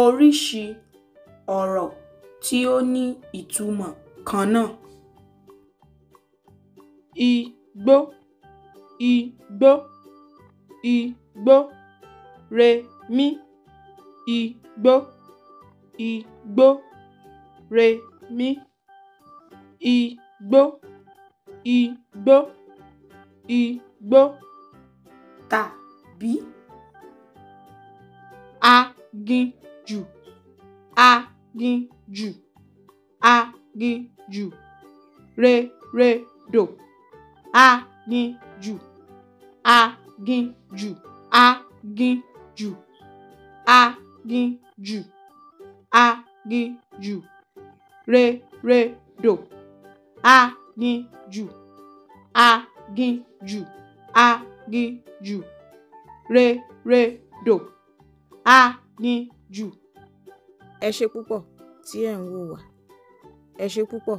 oríṣi ọ̀rọ̀ tí ó ní ìtumọ̀ kan náà. Igbó igbó igbó rẹmi igbó igbó rẹmi igbó igbó igbó tàbí aginjù jù aginjù aginjù reredò aginjù aginjù aginjù aginjù aginjù reredò re, aginjù aginjù reredò aginjù jù ẹ ṣe púpọ̀ tí ẹ̀ ń wò wá ẹ ṣe púpọ̀